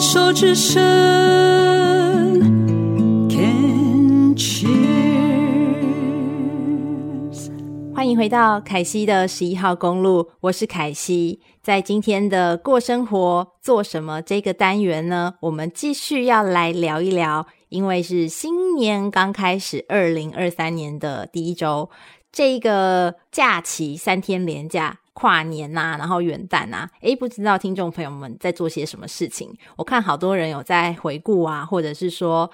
手之伸，can cheers，歡迎回到凱西的十一號公路，我是凱西。在今天的過生活做什麼這個單元呢，我們繼續要來聊一聊，因為是新年剛開始，二零二三年的第一週，這個假期三天連假。跨年吶、啊，然後元旦吶、啊，誒不知道聽眾朋友們在做些什麼事情？我看好多人有在回顧啊，或者是說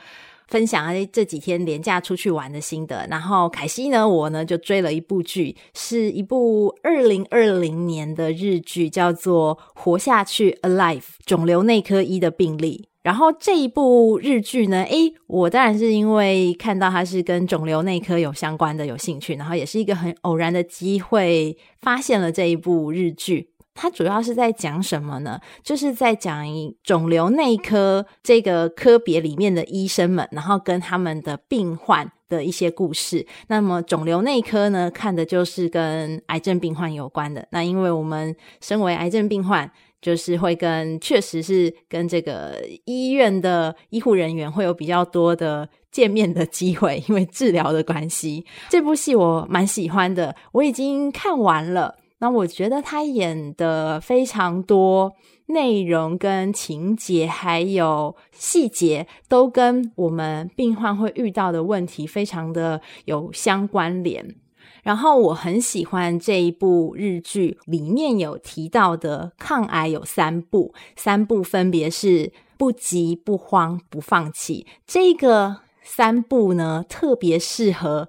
分享哎這幾天連假出去玩的心得。然後凱西呢，我呢就追了一部劇，是一部二零二零年的日劇，叫做《活下去 alive》，腫瘤內科醫的病歷。然後這一部日劇呢，誒，我當然是因為看到它是跟腫瘤內科有相關的，有興趣，然後也是一個很偶然的機會發現了這一部日劇。它主要是在講什麼呢？就是在講腫瘤內科這個科別裡面的醫生們，然後跟他們的病患的一些故事。那麼腫瘤內科呢，看的就是跟癌症病患有關的。那因為我們身為癌症病患，就是會跟，確實是跟這個醫院的醫護人員會有比較多的見面的機會，因為治療的關係。這部戲我蠻喜歡的，我已經看完了。那我覺得他演的非常多內容跟情節，還有細節，都跟我們病患會遇到的問題非常的有相關聯。然後我很喜歡這一部日劇，裡面有提到的抗癌有三不，三不分別是不急不慌不放棄。這個三不呢，特別適合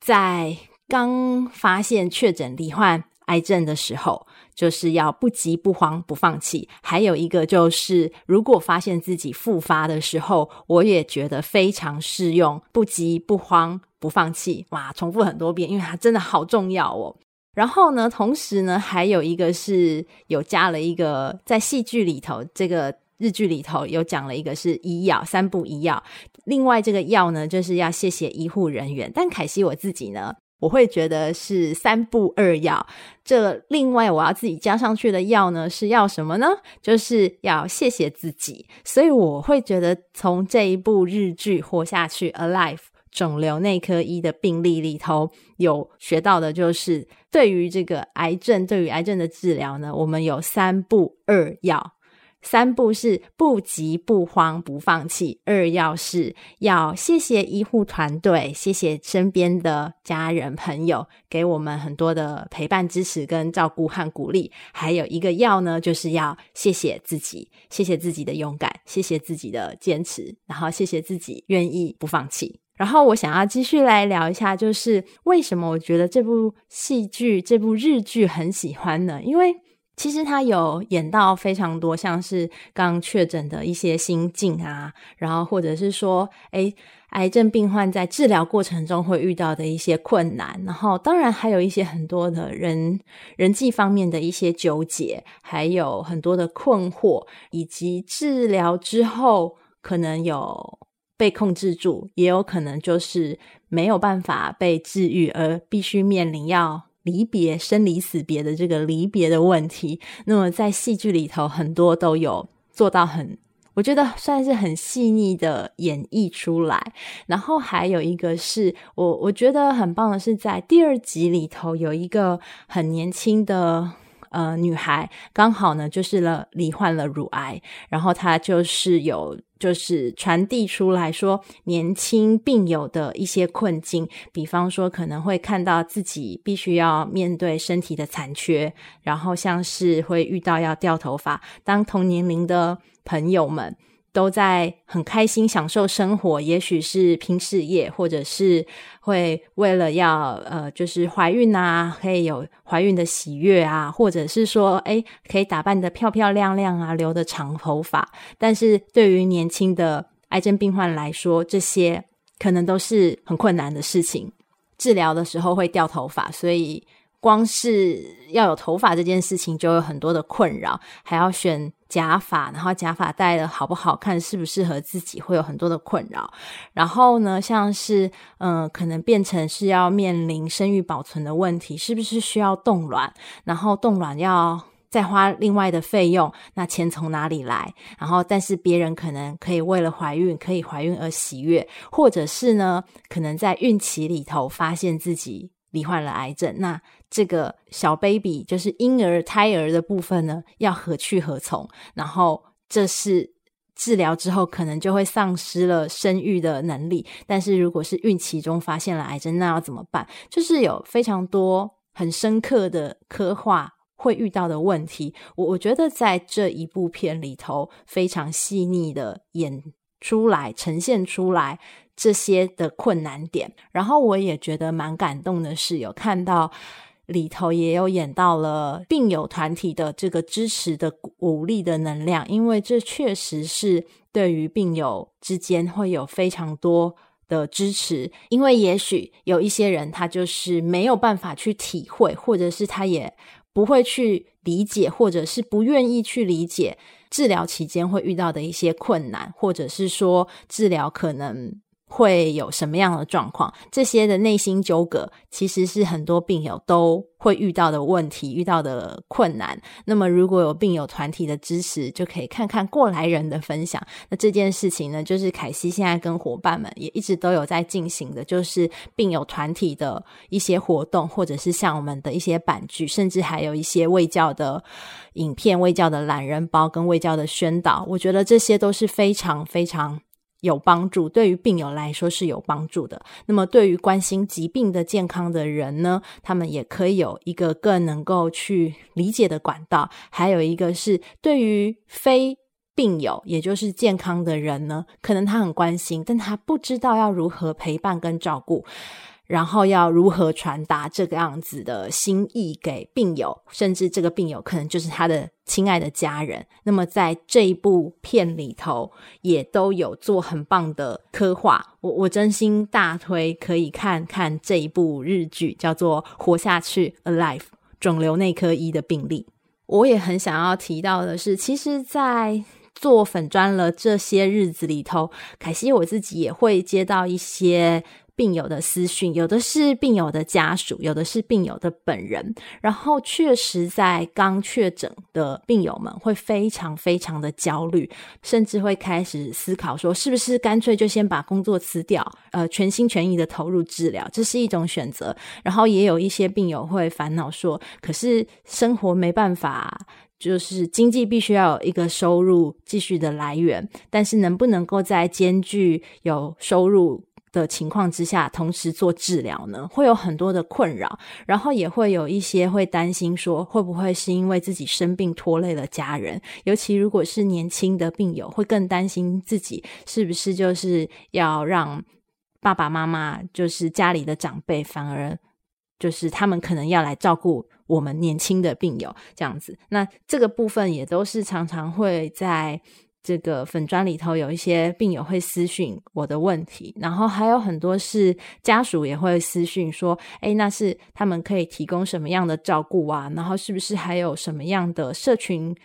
在剛發現確診罹患癌症的時候，就是要不急不慌不放棄。還有一個就是，如果發現自己復發的時候，我也覺得非常適用，不急不慌。不放棄，哇！重複很多遍，因為它真的好重要哦。然後呢，同時呢，還有一個是有加了一個在戲劇裡頭，這個日劇裡頭有講了一個是醫藥三不一要，另外這個要呢，就是要謝謝醫護人員。但凱西我自己呢，我會覺得是三不二要。這另外我要自己加上去的要呢，是要什麼呢？就是要謝謝自己。所以我會覺得從這一部日劇活下去，alive。Al ive，腫瘤內科醫的病歷裡頭有學到的就是，對於這個癌症，對於癌症的治療呢，我們有三不二要。三不是不急不慌不放棄；二要是要謝謝醫護團隊，謝謝身邊的家人朋友，給我們很多的陪伴、支持、跟照顧和鼓勵。還有一個要呢，就是要謝謝自己，謝謝自己的勇敢，謝謝自己的堅持，然後謝謝自己願意不放棄。然後我想要繼續來聊一下，就是為什麼我覺得這部戲劇、這部日劇很喜歡呢？因為其實它有演到非常多，像是剛確診的一些心境啊，然後或者是說，誒，癌症病患在治療過程中會遇到的一些困難，然後當然還有一些很多的人人際方面的一些糾結，還有很多的困惑，以及治療之後可能有。被控制住，也有可能就是沒有辦法被治癒，而必須面臨要離別、生離死別的這個離別的問題。那麼在戲劇裡頭，很多都有做到很，我覺得算是很細膩的演繹出來。然後還有一個是我我覺得很棒的是，在第二集裡頭有一個很年輕的呃女孩，剛好呢就是了罹患了乳癌，然後她就是有。就是傳遞出來說，年輕病友的一些困境，比方說可能會看到自己必須要面對身體的殘缺，然後像是會遇到要掉頭髮，當同年齡的朋友們。都在很開心享受生活，也許是拼事業，或者是會為了要呃，就是懷孕啊，可以有懷孕的喜悅啊，或者是說誒，可以打扮得漂漂亮亮啊，留的長頭髮。但是對於年輕的癌症病患來說，這些可能都是很困難的事情。治療的時候會掉頭髮，所以光是要有頭髮這件事情就有很多的困擾，還要選。假髮，然後假髮戴的好不好看，適不適合自己，會有很多的困擾。然後呢，像是嗯、呃，可能變成是要面臨生育保存的問題，是不是需要凍卵？然後凍卵要再花另外的費用，那錢從哪裡來？然後，但是別人可能可以為了懷孕，可以懷孕而喜悅，或者是呢，可能在孕期裡頭發現自己。罹患了癌症，那這個小 baby 就是嬰兒、胎兒的部分呢，要何去何從？然後這是治療之後，可能就會喪失了生育的能力。但是如果是孕期中發現了癌症，那要怎麼辦？就是有非常多很深刻的刻畫會遇到的問題。我我覺得在這一部片裡頭非常細膩的演。出來呈現出來這些的困難點，然後我也覺得蠻感動的是，有看到裡頭也有演到了病友團體的這個支持的、鼓勵的能量，因為這確實是對於病友之間會有非常多的支持，因為也許有一些人他就是沒有辦法去體會，或者是他也不會去理解，或者是不願意去理解。治療期間會遇到的一些困難，或者是說治療可能，會有什麼樣的狀況？這些的內心糾葛，其實是很多病友都會遇到的問題，遇到的困難。那麼，如果有病友團體的支持，就可以看看過來人的分享。那這件事情呢，就是凱西現在跟夥伴們也一直都有在進行的，就是病友團體的一些活動，或者是像我們的一些板劇，甚至還有一些衛教的影片、衛教的懶人包跟衛教的宣導。我覺得這些都是非常非常。有幫助，對於病友來說是有幫助的。那麼，對於關心疾病的健康的人呢，他們也可以有一個更能夠去理解的管道。還有一個是，對於非病友，也就是健康的人呢，可能他很關心，但他不知道要如何陪伴跟照顧。然後要如何傳達這個樣子的心意給病友，甚至這個病友可能就是他的親愛的家人。那麼在這一部片裡頭，也都有做很棒的刻畫。我我真心大推，可以看看這一部日劇，叫做《活下去》（Alive），腫瘤內科醫的病歷，我也很想要提到的是，其實，在做粉專了這些日子裡頭，凱西我自己也會接到一些。病友的私訊，有的是病友的家屬，有的是病友的本人。然後，確實在剛確診的病友們會非常非常的焦慮，甚至會開始思考說，是不是乾脆就先把工作辭掉，呃，全心全意的投入治療，這是一種選擇。然後，也有一些病友會煩惱說，可是生活沒辦法，就是經濟必須要有一個收入繼續的來源，但是能不能夠再兼具有收入？的情況之下，同時做治療呢，會有很多的困擾，然後也會有一些會擔心說，會不會是因為自己生病拖累了家人，尤其如果是年輕的病友，會更擔心自己是不是就是要讓爸爸媽媽，就是家裡的長輩，反而就是他們可能要來照顧我們年輕的病友這樣子。那這個部分也都是常常會在。這個粉專裡頭有一些病友會私訊我的問題，然後還有很多是家屬也會私訊說，哎，那是他們可以提供什麼樣的照顧啊？然後是不是還有什麼樣的社群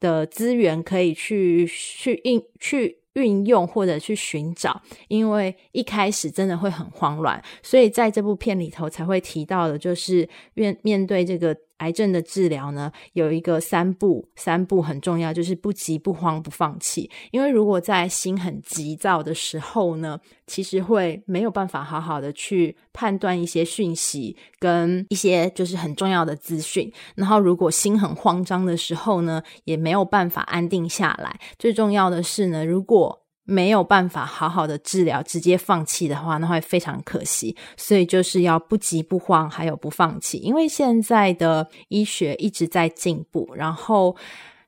的資源可以去去運去運用，或者去尋找？因為一開始真的會很慌亂，所以在這部片裡頭才會提到的，就是面面對這個。癌症的治療呢，有一個三不，三不很重要，就是不急、不慌、不放棄。因為如果在心很急躁的時候呢，其實會沒有辦法好好的去判斷一些訊息跟一些就是很重要的資訊。然後如果心很慌張的時候呢，也沒有辦法安定下來。最重要的是呢，如果沒有辦法好好的治療，直接放棄的話，那會非常可惜。所以就是要不急不慌，還有不放棄。因為現在的醫學一直在進步，然後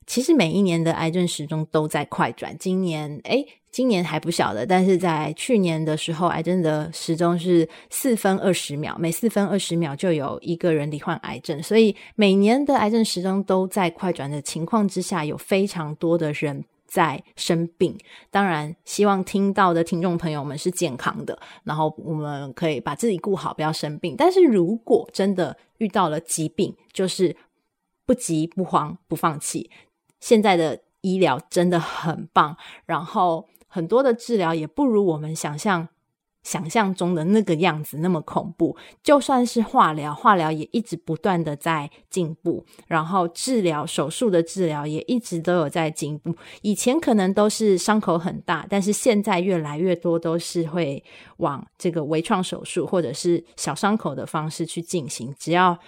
其實每一年的癌症時鐘都在快轉。今年，哎，今年還不曉得，但是在去年的時候，癌症的時鐘是四分二十秒，每四分二十秒就有一個人罹患癌症。所以每年的癌症時鐘都在快轉的情況之下，有非常多的人。在生病，當然希望聽到的聽眾朋友們是健康的，然後我們可以把自己顧好，不要生病。但是如果真的遇到了疾病，就是不急不慌不放棄。現在的醫療真的很棒，然後很多的治療也不如我們想象。想象中的那個樣子那麼恐怖，就算是化療，化療也一直不斷的在進步，然後治療手術的治療也一直都有在進步。以前可能都是傷口很大，但是現在越來越多都是會往這個微創手術或者是小傷口的方式去進行，只要。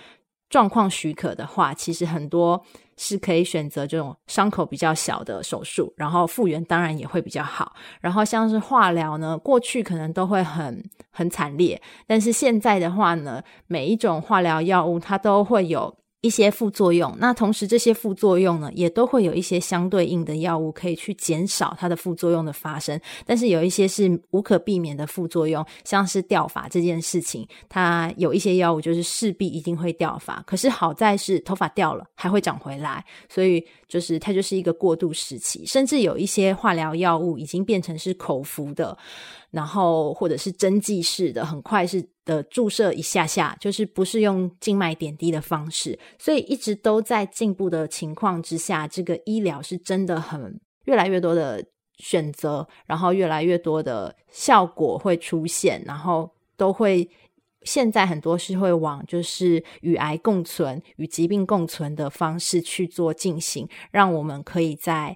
狀況許可的話，其實很多是可以選擇這種傷口比較小的手術，然後復原當然也會比較好。然後像是化療呢，過去可能都會很很慘烈，但是現在的話呢，每一種化療藥物它都會有。一些副作用，那同時這些副作用呢，也都會有一些相對應的藥物可以去減少它的副作用的發生。但是有一些是無可避免的副作用，像是掉髮這件事情，它有一些藥物就是勢必一定會掉髮。可是好在是頭髮掉了還會長回來，所以就是它就是一個過渡時期。甚至有一些化療藥物已經變成是口服的。然後，或者是針劑式的，很快是的，注射一下下，就是不是用靜脈點滴的方式，所以一直都在進步的情況之下，這個醫療是真的很越來越多的選擇，然後越來越多的效果會出現，然後都會現在很多是會往就是與癌共存、與疾病共存的方式去做進行，讓我們可以在。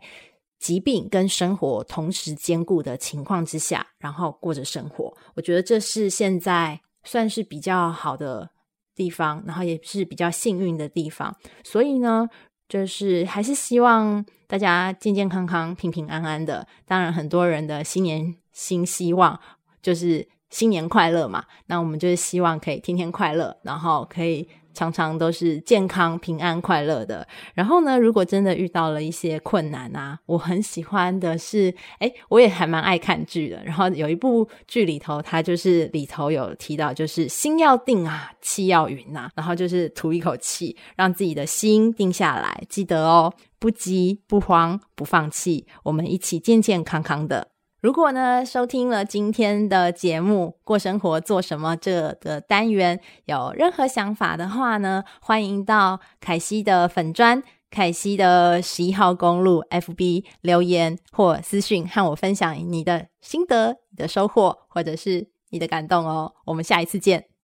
疾病跟生活同時兼顧的情況之下，然後過着生活，我覺得這是現在算是比較好的地方，然後也是比較幸運的地方。所以呢，就是還是希望大家健健康康、平平安安的。當然，很多人的新年新希望就是新年快樂嘛，那我們就是希望可以天天快樂，然後可以。常常都是健康、平安、快樂的。然後呢，如果真的遇到了一些困難啊，我很喜歡的是，哎，我也還蠻愛看劇的。然後有一部劇裡頭，它就是裡頭有提到，就是心要定啊，氣要勻吶、啊。然後就是吐一口氣，讓自己的心定下來。記得哦，不急、不慌、不放棄，我們一起健健康康的。如果呢，收聽了今天的節目《過生活做什麼》這個單元，有任何想法的話呢，歡迎到凱西的粉專、凱西的十一號公路 FB 留言或私訊和我分享你的心得、你的收穫或者是你的感動哦。我們下一次見。